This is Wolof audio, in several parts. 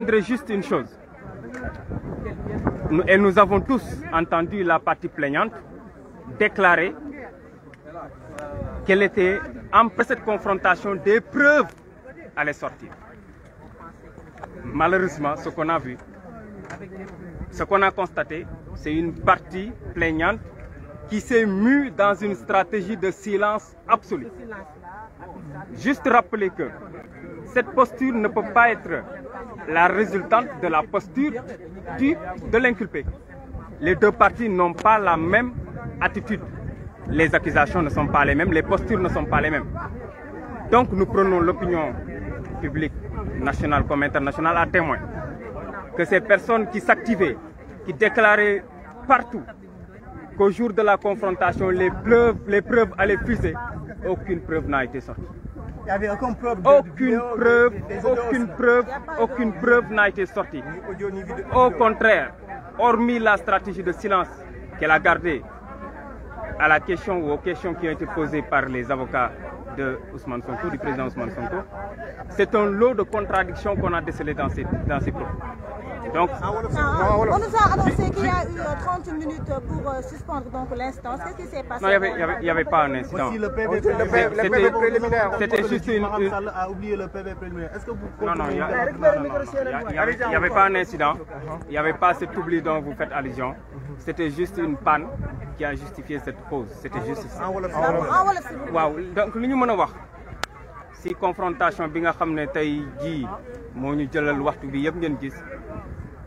voudrais juste une chose. et nous avons tous entendu la partie plaignante déclarer qu'elle était après cette confrontation des preuves allait sortir. Malheureusement, ce qu'on a vu, ce qu'on a constaté, c'est une partie plaignante qui s'est mue dans une stratégie de silence absolu. Juste rappeler que cette posture ne peut pas être la résultante de la posture de l'inculpé. Les deux parties n'ont pas la même attitude. Les accusations ne sont pas les mêmes, les postures ne sont pas les mêmes. Donc nous prenons l'opinion publique, nationale comme internationale, à témoin que ces personnes qui s'activaient, qui déclaraient partout qu'au jour de la confrontation, les les preuves allaient fuser, aucune preuve n'a été sortie aucune preuve. aucune preuve, n'a été sortie. Au contraire, hormis la stratégie de silence qu'elle a gardée à la question ou aux questions qui ont été posées par les avocats de Ousmane Sonko, du président Ousmane Sonko, c'est un lot de contradictions qu'on a décelé dans ces, dans ces propos. Donc, ah, ah, ah, on nous a annoncé qu'il y a eu 30 euh, minutes pour euh, suspendre donc l'instance. Qu'est-ce qui s'est passé Non, il n'y avait, pas un instant. le PV, préliminaire. C'était juste une. a oublié le PV préliminaire. Est-ce que vous Non, non, il n'y avait pas un incident. Il n'y avait pas cet oubli dont vous faites allusion. C'était juste une panne qui a justifié cette pause. C'était juste ça. donc nous avons voir. si confrontation bi nga xam ne tey jii ñu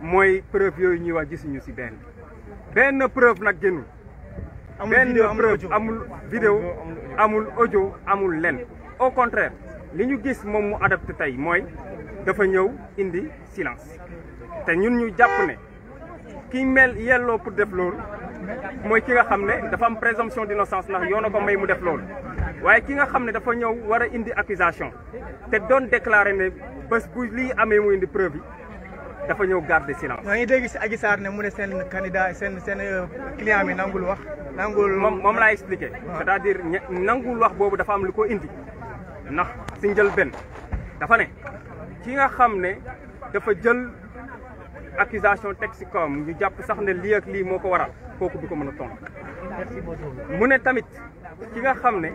mooy preuve yooyu ñuy wax gisuñu si benn benn preuve nag génnul benn preuve amul vidéo amul audio amul len au contraire li ñu gis moom mu adapté tey mooy dafa ñëw indi silence te ñun ñu jàpp ne ki mel yelloo pour def mooy ki nga xam ne dafa am présomption d'innocence ndax yoon na ko may mu def loolu waaye ki nga xam ne dafa ñëw war a indi accusation te doon déclaré ne bés bu lii amee mu indi preuve dafa ñëw garder silence. maa ngi dégg si Adji Sarr ne mu ne seen candidat seen seen euh, client bi nangul wax. nangul moom moom laa expliqué. Ah. cest à nangul wax boobu dafa am lu ko indi. ndax si njël benn dafa ne ki nga xam ne dafa jël accusation teg si kawam ñu jàpp sax ne lii ak lii moo ko waral kooku du ko mën a tontu. mu ne tamit ki nga xam ne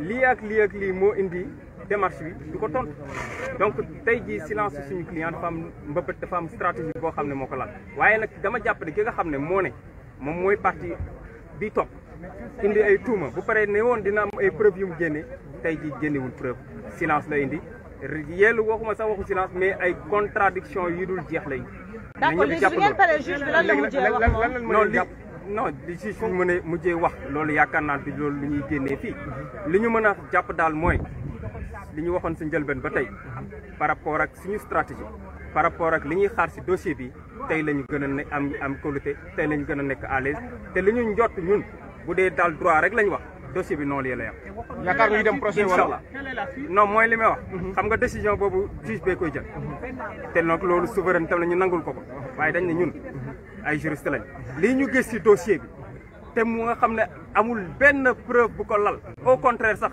lii ak lii ak lii moo indi. démarche bi du ko tontu donc tey jii silence suñu client dafa am mbëbët dafa am stratégie bo xamné moko moo waye nak dama jàpp ne ki nga xamné mo né mom moy parti bi top indi ay tuuma bu paré né won dina am ay preuve yu mu génne tey jii génnewul preuve silence la indi yelu waxuma sa waxu silence mais ay contradiction yu dul jeex lay d'accord léegi bi ngeen paree juge bi lan la mujjee wax moom non di ci suñu mën mujjé wax loolu yaakaar naa bi loolu lu ñuy génnee fii mhm. li ñu mën a jàpp daal mooy li ñu waxoon si njëlbeen ba tey par rapport ak suñu stratégie par rapport ak li ñuy xaar si dossier bi tey lañu gën a ne am am qualité tey la ñu gën a nekk à l'aise te li ñu njott ñun bu dee daal droit rek la ñu wax dossier bi noonu la yam yaakaar nga ñu dem procès wala non mooy li may wax mhm. xam nga décision boobu juge bee koy jël te nag loolu souveraineté tam la ñu nangul ko ko waaye dañ ne ñun ay juriste lañ lii ñu gis si dossier bi te mu nga xam ne amul benn preuve bu ko lal au contraire sax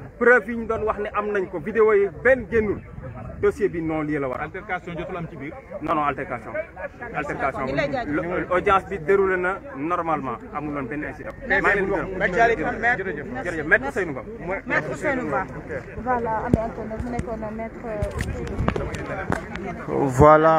preuve yi ñu wax ni am nañ ko vidéo yi ben génnul dossier bi non lié la war altercation jotul am ci biir non non altercation altercation audience bi déroulé na normalement amuloon ben incident jërëjëf maître Ousseynou Ba maître Ousseynou Ba voilà amé na internet mu nekkoon maître voilà